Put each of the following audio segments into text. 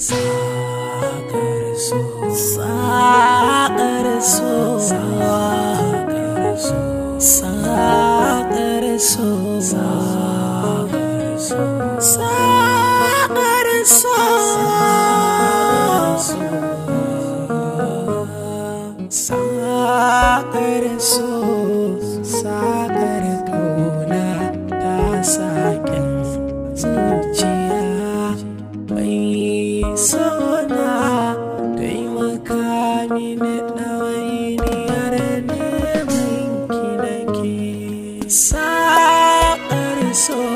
Sacar eso, sacar eso, sacar eso, sacar eso, sacar eso, sacar eso, sacar eso, Sacareçou,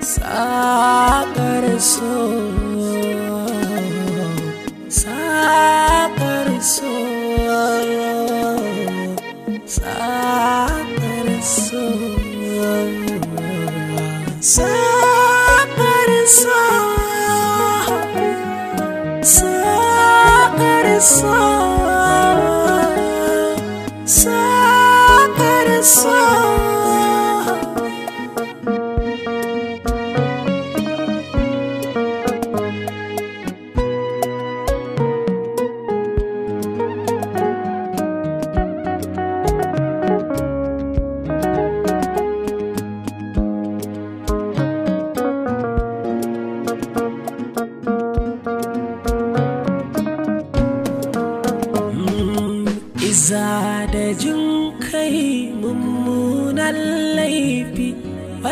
sacareçou, sacareçou, sacareçou, sacareçou, sacareçou.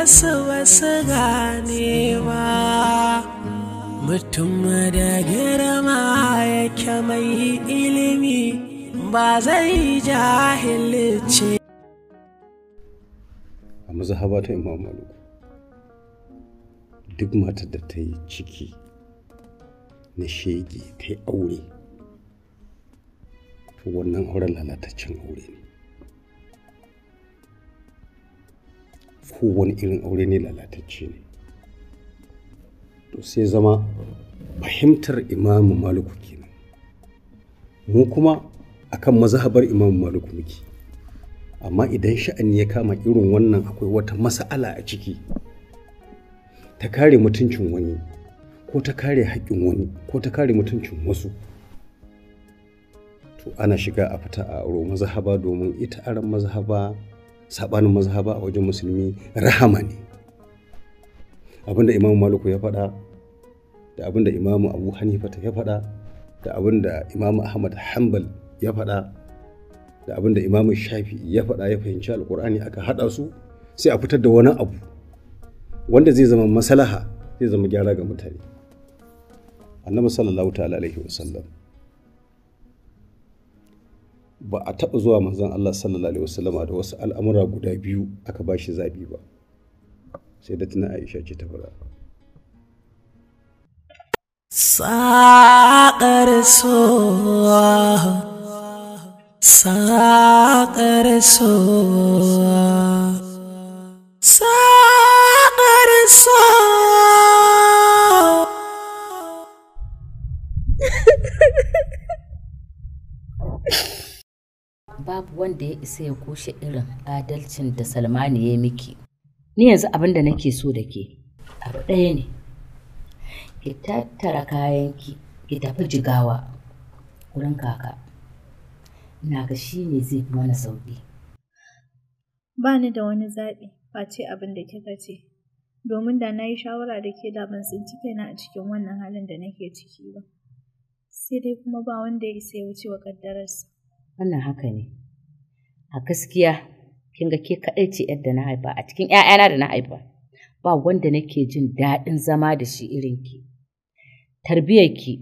wasu wasu ganewa mutum da girma yake mai ilimi ba zai jahilce a mazhaba ta imam duk matar da ta yi ciki na shege ta yi aure wannan auren lalataccen aure ne ko wani irin aure ne lalatacce ne to sai zama fahimtar imamu maluku kenan mu kuma akan mazhabar imamu maliku muke amma idan sha'ani ya kama irin wannan akwai wata masa'ala a ciki ta kare mutuncin wani ko ta kare haƙƙin wani ko ta kare mutuncin wasu to ana shiga a fita a aro mazhaba domin ita aron mazhaba saɓanin mazhaba a wajen musulmi rahama ne abinda imamu Maluku ya faɗa da abinda imamu abu hanifa ya faɗa da abinda imamu ahmad hanbal ya faɗa da abinda imamu shafi ya faɗa ya fahimci alkur'ani aka haɗa su sai a fitar da wani abu wanda zai zama masalaha zai zama gyara ga mutane annabi sallallahu ta'ala alaihi wasallam ba a taɓa zuwa manzon Allah sallallahu alaihi wasallama da wasu al'amura guda biyu aka bashi zabi ba sai da tuna Aisha ce ta fara saƙar so saƙar so saƙar so babu wanda ya isa ya kushe irin adalcin da salmani ya yi miki ni yanzu abin da nake so da ke abu ɗaya ne ki tattara kayanki ki tafi jigawa wurin kaka ina ga shi ne zai fi mana sauƙi ba ni da wani zaɓi face abin da kika ce domin da na yi shawara da ke da ban tsinci kaina a cikin wannan halin da nake ciki ba sai dai kuma ba wanda ya isa ya wuce wa ƙaddararsa wannan haka ne a gaskiya kin ga ke kaɗai ce yadda na haifa a cikin ‘ya'yana da na haifa ba wanda nake jin daɗin zama da shi irin ki ki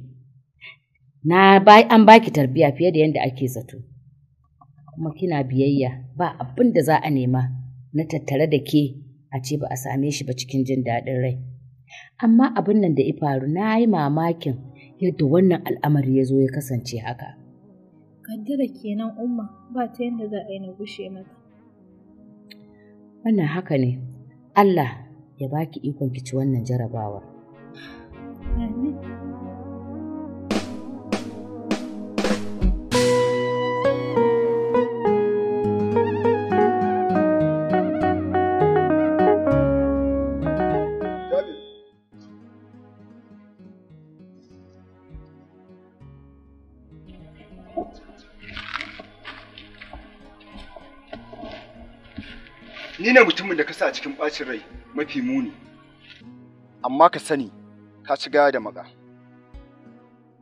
na an baki tarbiya fiye da yadda ake zato kuma kina biyayya ba abin da za a nema na tattare da ke a ce ba a same shi ba cikin jin daɗin rai amma abin nan da ya faru na yi mamakin yadda wannan al'amari ya zo ya kasance haka Kaddara kenan umma ba ta yadda za a yi na gushe mata. Wannan haka ne, Allah ya baki ikon ki ci wannan jarabawa. Amin. ni ne mutumin da ka sa cikin ɓacin rai mafi muni amma ka sani ka ci gaya da maga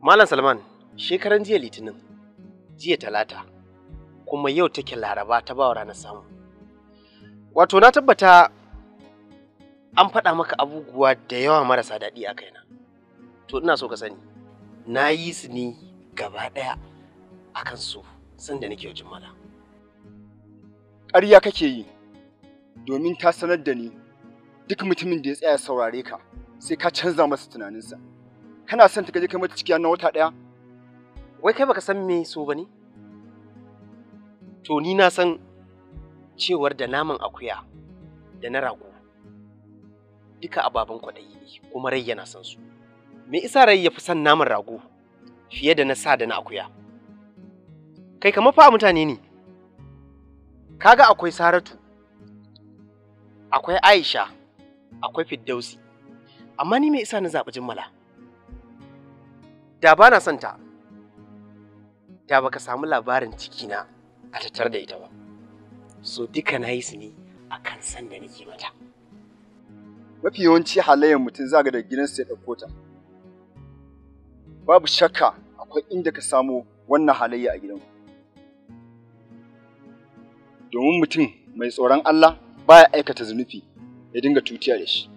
malam salman shekaran jiya litinin jiya talata kuma yau take laraba ta bawa ranar samu wato na tabbata an faɗa maka abubuwa da yawa marasa daɗi a kaina to ina so ka sani na yi su ne gaba ɗaya a kan su sanda nake wajen mala ƙarya kake yi domin ta sanar da ni duk mutumin da ya tsaya saurare ka sai ka canza masa tunaninsa kana son ta gaji kai mata ciki na wata ɗaya wai kai baka san me so bane to ni na san cewar da naman akuya da na rago duka ababen kwaɗayi ne kuma rai yana san su me isa rai ya fi son naman rago fiye da na sa da na akuya kai kamar fa mutane ne kaga akwai saratu akwai Aisha, akwai Fiddausi. Amma ni mai isa na zaɓi jimmala. Da ba na son ta, da ka samu labarin cikina a tattar da ita ba. So duka na yi su ne a kan san da nake mata. Mafi yawanci halayen mutum za ga da su ya ɗauko ta. Babu shakka akwai inda ka samo wannan halayya a gidanku. Domin mutum mai tsoron Allah baya aikata zunubi ya dinga tutiya da shi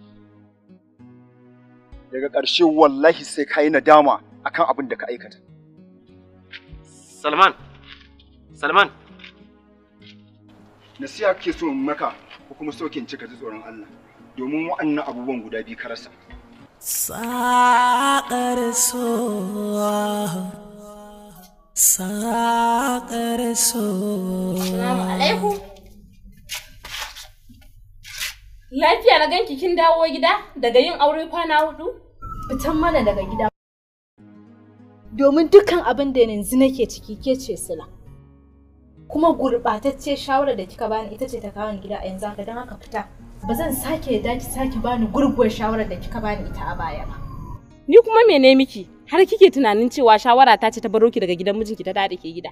daga ƙarshe wallahi sai ka yi nadama akan abin da ka aikata salman salman nasiha kake so maka ko kuma so kin cika tsoron Allah domin wa'annan abubuwan guda biyu ka rasa saƙar so saqar so alaikum Lafiya na ganki kin dawo gida daga yin aure kwana hudu? Fitan mana daga gida. Domin dukkan abin da yanzu nake ciki ke ce sila. Kuma gurɓatacce shawara da kika bani ita ce ta kawo gida a yanzu haka don haka fita. Ba zan sake yadda ki sake bani gurguwar shawarar da kika bani ita a baya ba. Ni kuma mene miki? Har kike tunanin cewa shawara ta ce ta baro ki daga gidan mijinki ta da ke gida.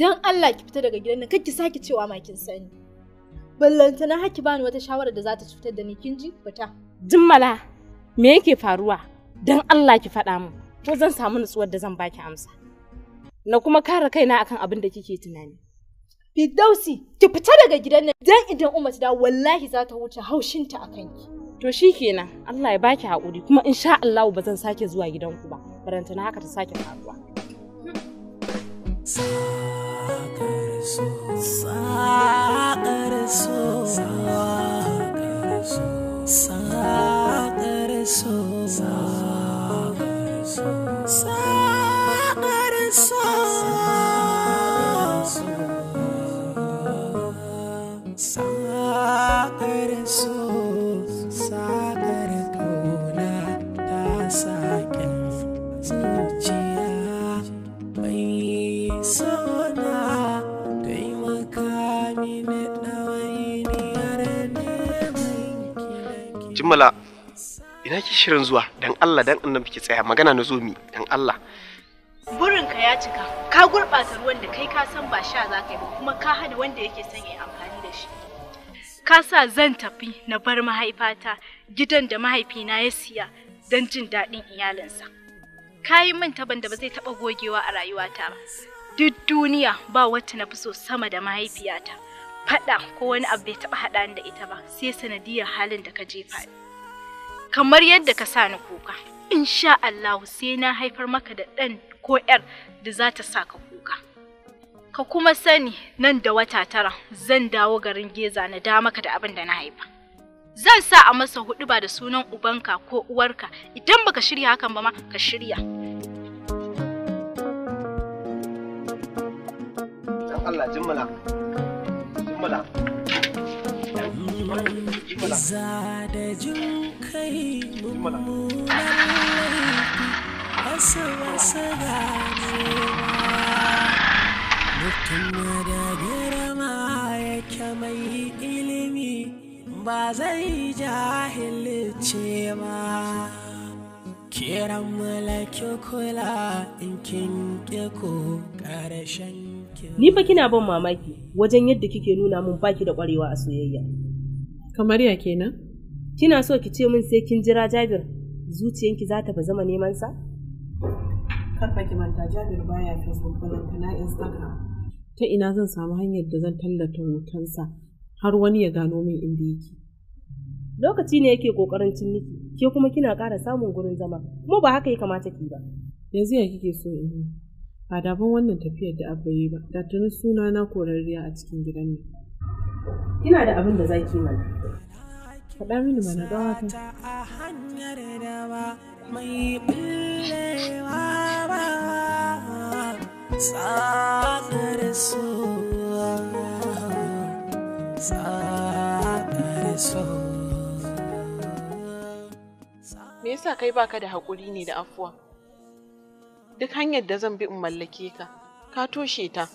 Don Allah ki fita daga gidan nan kar ki sake cewa ma kin sani. ballanta na haki bani wata shawara da za ta cutar da ni kin ji fita jimmala me yake faruwa dan Allah ki faɗa min ko zan samu nutsuwar da zan baki amsa na kuma kare kaina akan abin da kike tunani Fidausi, ki fita daga gidan nan dan idan Umar ta dawo wallahi za ta wuce haushinta akan ki. To shi kenan, Allah ya baki hakuri, kuma insha Allah ba zan sake zuwa gidan ku ba. Barantana haka ta sake faruwa. Sa jimmala ina ki shirin zuwa dan Allah dan annabi ki tsaya magana na zo mi dan Allah ka ya cika ka gurɓata ruwan da kai ka san ba sha za ka yi ba kuma ka hana wanda yake son ya amfani da shi ka sa zan tafi na bar mahaifata gidan da mahaifina ya siya don jin daɗin iyalinsa ka yi min taban da ba zai taɓa gogewa a rayuwata ba duk duniya ba wacce na fi so sama da mahaifiyata faɗa ko wani abu bai taɓa haɗa da ita ba sai sanadiyar halin da ka jefa kamar yadda ka sa ni kuka insha Allah sai na haifar maka da ɗan ko yar da za ta sa ka kuka ka kuma sani nan da wata tara zan dawo garin geza na da maka da abin da na haifa zan sa a masa hudu ba da sunan ubanka ko uwarka idan baka shirya hakan ba ma ka shirya Allah jimmala Iza da jin kai mummunan laifi wasu wasu ganewa. Mutum da girma yake mai ilimi ba zai jahilce ba. Kiran mulki kula in kin ko ƙarshen Ni fa kina ban mamaki wajen yadda kike nuna min baki da ƙwarewa a soyayya. Kamar ya kenan? Kina so ki ce min sai kin jira Jabir zuciyanki za ta zama neman sa? Karfa ki manta Jabir baya Facebook balanta na Instagram. Ta ina zan samu hanyar da zan tallata hotonsa har wani ya gano min inda yake. Lokaci ne yake kokarin cinniki, ke kuma kina ƙara samun gurin zama, kuma ba haka ya kamata ki ba. Yanzu ya kike so in yi? Ba daban wannan tafiyar da aka yi ba, da tuni suna na korarriya a cikin gidan ne. Kina da abin da za ki mana. Faɗa mini mana ɗawata. me yasa kai baka da haƙuri ne da afuwa duk hanyar da zan bi in mallake ka ka toshe ta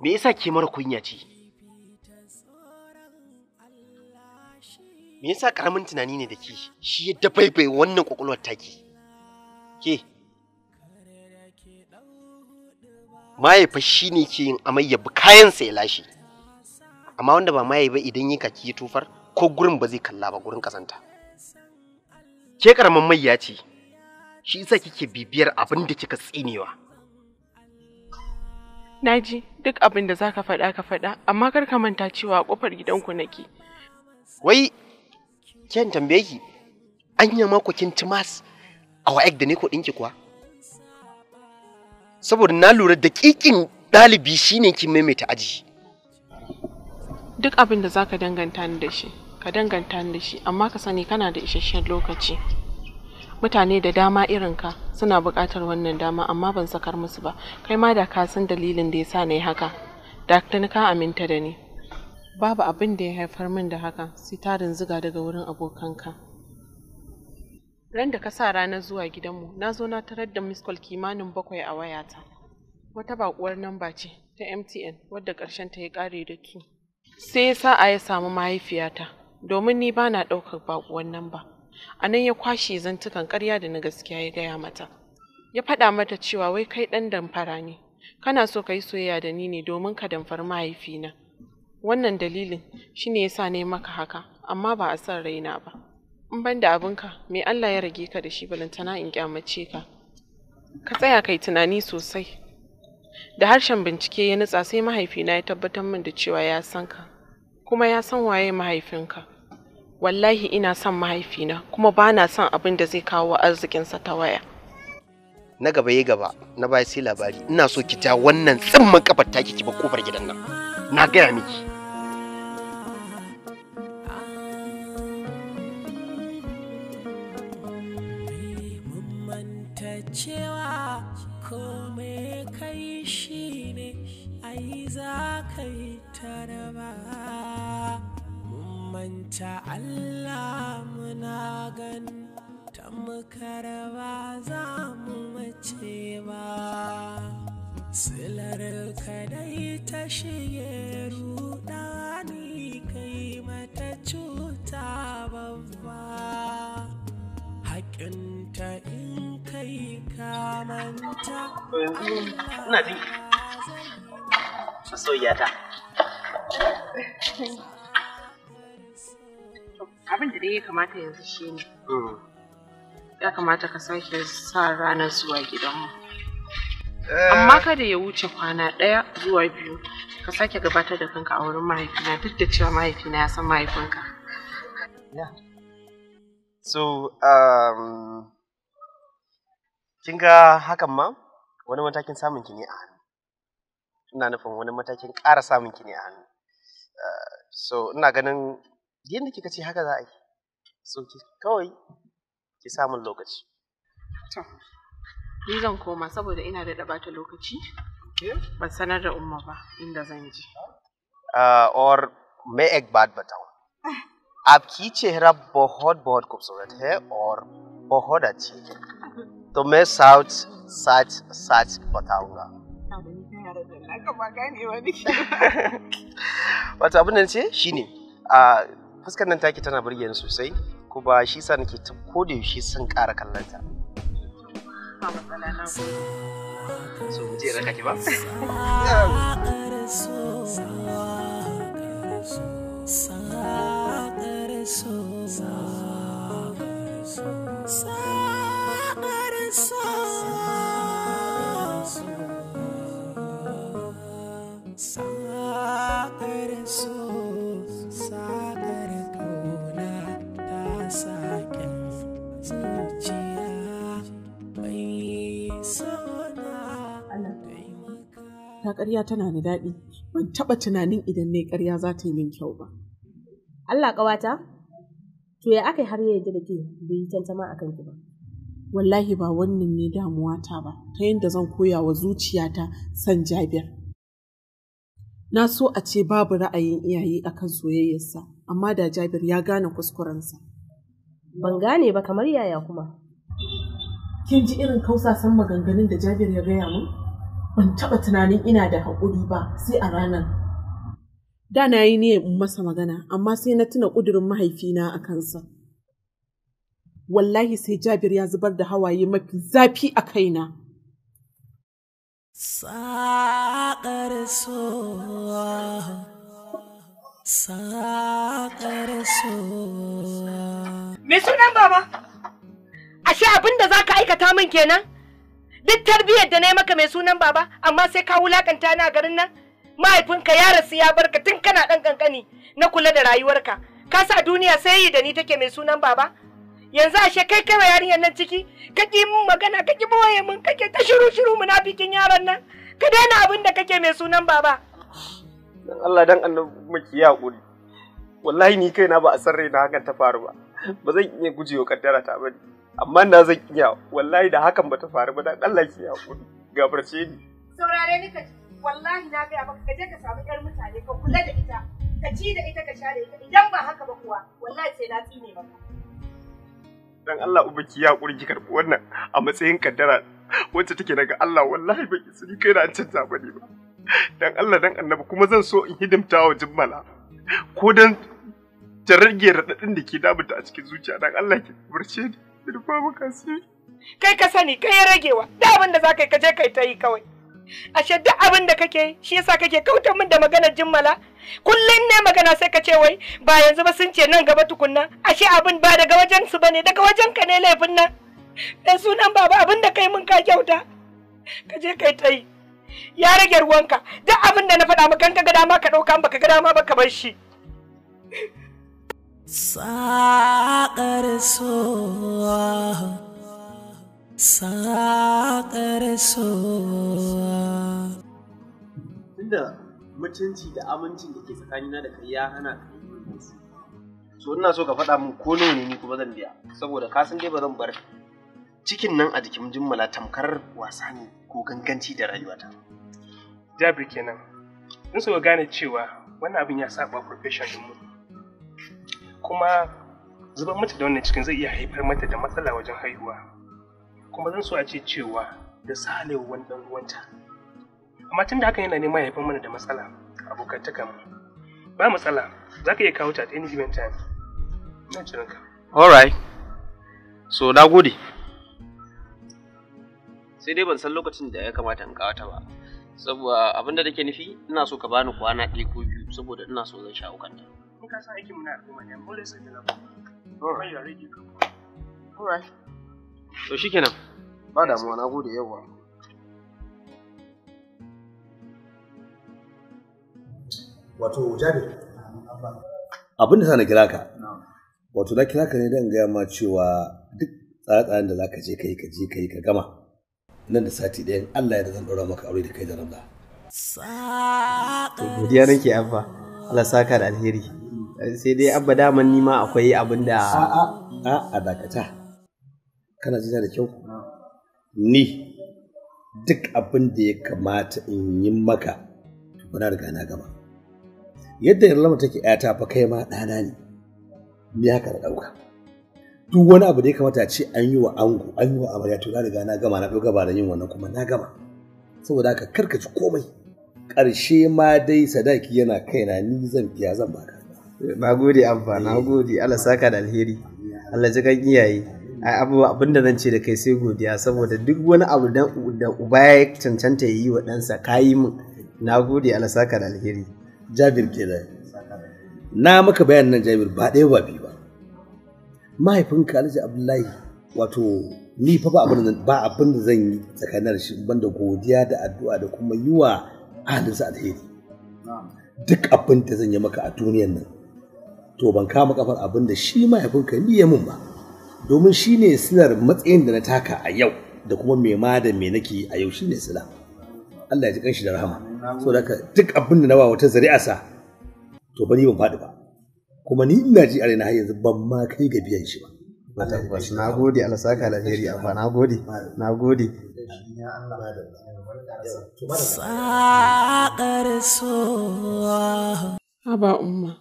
me yasa ke mara kunya ce me yasa karamin tunani ne da ke shi ya dabaibai wannan kwakwalwar taki ke mahaifa shi ne ke yin amai ya kayansa ya lashe amma wanda ba mahaifa ba idan yi kaki ya tufar ko gurin ba zai kalla ba gurin kasanta ke karamin ya ce shi isa kike bibiyar abin da kika tsinewa naji duk abin da za ka faɗa ka faɗa amma kar ka manta cewa ƙofar gidanku nake wai kyan tambaye ki, yi mako kin ci mas a wa'ek da ne ko ɗinki kuwa? Saboda na lura da ƙiƙin ɗalibi shine kin maimaita aji. Duk abin da zaka danganta ni da shi, ka danganta ni da shi, amma ka sani kana da isasshen lokaci. Mutane da dama irin ka suna buƙatar wannan dama amma ban sakar musu ba, kai ma da ka san dalilin da ya sa na yi haka, da ka aminta da ni. babu abin da ya haifar min da haka sai tarin ziga daga wurin abokanka Randa ka sa ranar zuwa gidanmu na zo na tarar da miskol kimanin bakwai a wayata wata bakuwar namba ce ta mtn wadda ƙarshen ta ya ƙare da ki sai ya a ya samu mahaifiyata domin ni ba na ɗaukar bakuwar namba a nan ya kwashe zantukan ƙarya da na gaskiya ya gaya mata ya faɗa mata cewa wai kai ɗan damfara ne kana so ka yi soyayya da ni ne domin ka damfari mahaifina wannan dalilin shi shine yasa ne maka haka amma ba a san raina ba in ban da abinka mai Allah ya rage ka da shi balantana in kyamace ka ka tsaya kai tunani sosai da harshen bincike ya nutsa sai mahaifina ya tabbatar min da cewa ya san ka kuma ya san waye mahaifinka wallahi ina son mahaifina kuma ba na son abin da zai kawo arzikinsa ta waya na gaba ya gaba na bayan sai labari ina so ki ja wannan tsimman kafar taki ki ba kofar gidan nan na gaya miki cewa komai kai shi ne yi za ka yi taraba mun manta Allah muna gani tamkar ba za mu mace ba silar kadai ta shige ni kai mata cuta babba haƙinta in To yanzu ina masoyiyata. Abin da dai ya kamata yanzu shi ne. Mm. Ya kamata ka sake sa ranar zuwa gidanmu. Eh. Amma kada ya wuce kwana ɗaya zuwa biyu ka sake gabatar da kanka a wurin mahaifina duk da cewa mahaifina ya san mahaifinka. So, um, kin ga hakan ma wani matakin samun ki ne a hannu ina nufin wani matakin ƙara samun ki ne a hannu eh, so ina ganin yadda kika ce haka za a yi so ki kawai ki samun lokaci to ni zan koma saboda ina da dabata lokaci ban sanar da umma ba inda zan je और मैं एक बात Ab आपकी chehra bahut bahut khoobsurat hai aur bahut अच्छी hai तो मैं साउथ साच साच बताऊंगा wata abin da ce shine a fuskar nan take tana birge ni sosai kuma shi sa nake ta koda yaushe son ƙara kallon ta Sa ta ƙarya tana da daɗi ban taɓa tunanin idan ne ƙarya za ta yi min kyau ba. Allah ƙawata, to ya aka yi har yadda da ke bai yi tantama a kanki ba. wallahi ba wannan ne damuwa ta ba ta yadda zan koya wa zuciyata san jabir na so a ce babu ra'ayin iyaye akan soyayyarsa amma da jabir ya gane kuskurensa ban gane ba kamar yaya kuma kin ji irin kausasan maganganun da jabir ya gaya min ban taɓa tunanin ina da haƙuri ba sai a ranar da na yi niyyar in masa magana amma sai na tuna ƙudurin mahaifina a kansa wallahi sai jabir ya zubar da hawaye mafi zafi a kaina Saƙar saƙar Me sunan baba? Ashe abin da za ka aikata min kenan? Duk tarbiyyar da na yi maka mai sunan baba, amma sai ka wulakanta na garin nan? Mahaifinka ya rasu ya barka tun kana ɗan ƙanƙani na kula da rayuwarka. Ka sa duniya sai yi da ni take mai sunan baba? yanzu ashe kai kai yarinyar nan ciki kake mun magana kake boye mun kake ta shiru shiru munafikin yaron nan ka daina abin da kake mai sunan baba dan Allah dan annabi miki ya hakuri wallahi ni kaina ba a san raina hakan ta faru ba ba zan iya wa kaddara ta ba amma na zan iya wallahi da hakan ba ta faru ba dan Allah ki ya hakuri gafarce ni saurare ni ka wallahi na ga maka ka je ka samu yar mutane ka kula da ita ka ci da ita ka sha da ita idan ba haka ba kuwa wallahi sai na tsine maka dan Allah uba ki ya ki karbu wannan a matsayin kaddara wacce take daga Allah wallahi ba ki sani kai da an canza ba ne ba dan Allah dan annabi kuma zan so in hidimta wa jimmala ko dan ta rage raɗaɗin da ke damunta a cikin zuciya dan Allah ki burce ni ki rufa maka kai ka sani kai ya ragewa da abin da zaka yi ka je kai ta yi kawai ashe duk abin da kake shi yasa kake kautar min da maganar jimmala kullum ne magana sai ka ce wai ba yanzu ba sun ce nan gaba tukunna ashe abin ba daga wajen su bane daga wajen ka ne laifin nan da sunan baba abin da kai mun ka kyauta ka je kai ta yi ya rage ruwanka duk abin da na faɗa maka ka ga dama ka ɗauka baka ga dama baka bar shi Saƙar saƙar mutunci da amincin da ke tsakanina da kai ya hana ka so ina so ka faɗa min ko nawa ne ni kuma zan biya saboda ka san dai ba zan bar cikin nan a jikin Jummala tamkar wasa ne ko ganganci da rayuwata jabir kenan in so gane cewa wannan abin ya saba profession din mu kuma zuba mata da wannan cikin zai iya haifar mata da matsala wajen haihuwa kuma zan so a ce cewa da salewa wannan ruwanta amma tun da hakan yana neman haifar mana da matsala abokantaka mu ba matsala za ka iya kawo ta at any given time na ka alright so na gode sai dai ban san lokacin da ya kamata in ta ba saboda abin da take nufi ina so ka bani kwana ɗaya ko biyu saboda ina so zan shawo kanta in ka san aikin mu na al'umma ne dole sai da lafiya alright to shikenan ba damuwa na gode yawa wato jabir abin da kira ka wato na kira ka ne don gaya ma cewa duk tsare-tsaren da zaka je kai ka je kai ka gama nan da sati ɗayan Allah ya da zan maka aure da kai da Ramla. Godiya nake abba Allah saka da alheri sai dai abba daman ni akwai abin da a a dakata kana jina da kyau ni duk abin da ya kamata in yi maka bana riga na gama yadda yarlama take ƴata fa kai ma ɗana ne ni haka na ɗauka duk wani abu da ya kamata ce an yi wa ango an yi wa amarya to na riga na gama na ɗauka ba da yin wannan kuma na gama saboda haka karkaci komai ƙarshe ma dai sadaki yana kaina ni zan biya zan baka na gode amfa na eh. gode Allah saka da alheri Allah ji kan iyaye ai abin da zan ce da kai sai godiya saboda duk wani abu da uba ya cancanta ya yi wa ɗansa kayi min na gode Allah saka da alheri jabir kenan na maka bayan nan jabir ba ɗaya ba biyu ba mahaifin alhaji abdullahi wato ni fa ba abin da zan yi tsakanin shi banda godiya da addu'a da kuma yi wa ahalinsa alheri duk abin da zan yi maka a duniyan nan to ban kama kafar abin da shi mahaifinka ni ya mun ba domin shi ne silar matsayin da na taka a yau da kuma me ma da me nake a yau shi ne sila Allah ya ji kanshi da rahama so da duk abin da na ba wata zari'a sa to ba ni ban faɗi ba kuma ni ina ji a raina har yanzu ban ma kai ga biyan shi ba na gode Allah saka alheri amma na gode na gode Haba umma,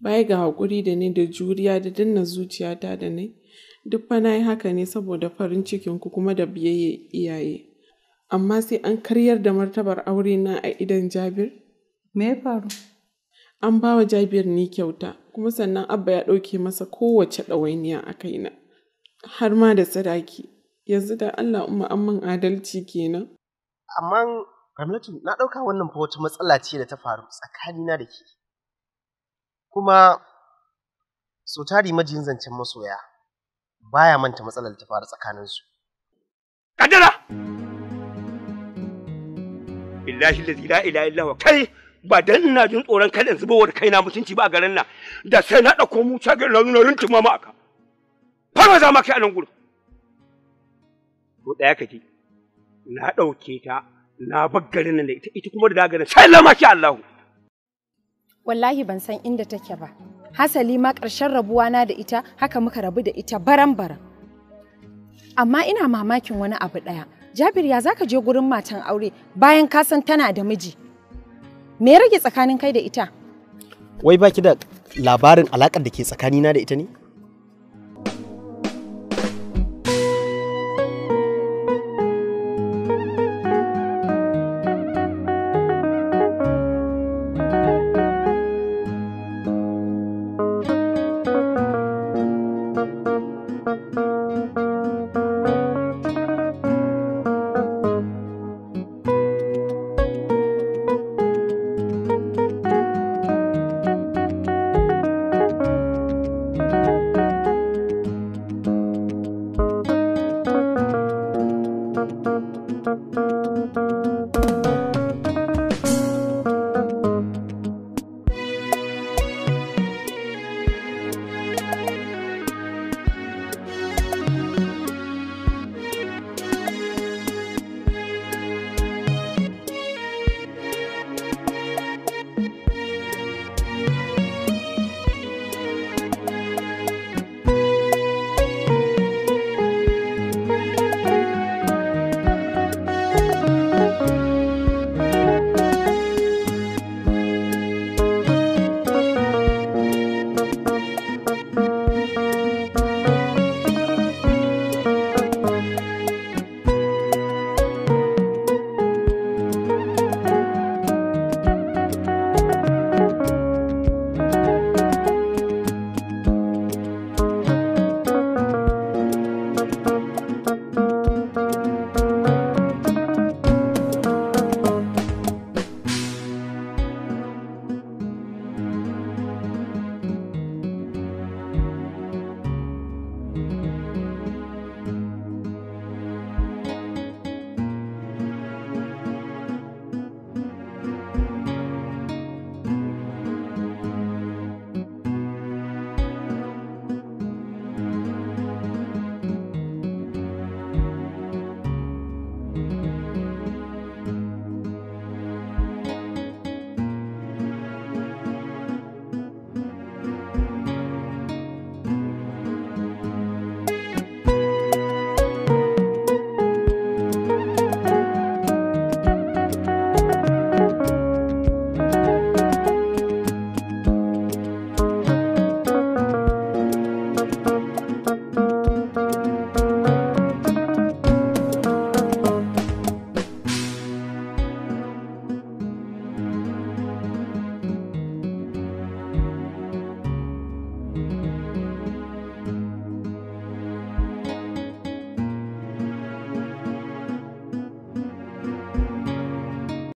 baya ga haƙuri da ni da juriya da danna zuciyata da ni, duk fa na yi haka ne saboda farin cikinku kuma da biyayya iyaye. amma sai an karyar da martabar na a idan Jabir? Me ya faru? An ba wa Jabir ni kyauta, kuma sannan Abba ya ɗauke masa kowace ɗawainiya a kaina, har ma da sadaki. Yanzu da Allah umma man adalci kenan. Amma gwamnati na ɗauka wannan fa wata matsala ce da ta faru tsakanina da ke. Kuma so tari majin zancen masoya baya manta matsalar ta faru tsakaninsu. Kadara! billahi la ilaha illallah kai ba dan ina jin tsoron kai yanzu ba kai na mutunci ba a garin nan da sai na dauko mu ta ga nan tuma ma aka fara za ma kai a nan gurin to daya kaji na dauke ta na bar garin nan da ita ita kuma da nan sai lama ki Allahu wallahi ban san inda take ba hasali ma ƙarshen rabuwa na da ita haka muka rabu da ita baran baran amma ina mamakin wani abu ɗaya Jabir ya zaka je gurin matan aure bayan ka san tana da miji. Me ya rage tsakanin kai da ita? Wai baki da labarin alakar da ke tsakanina da ita ne?